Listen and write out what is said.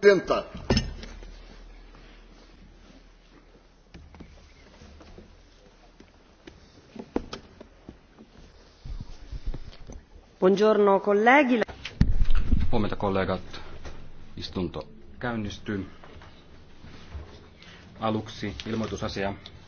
presidenta. Buongiorno colleghi. Huomenta kollegat. Istunto käynnistyy. Aluksi ilmoitusasia.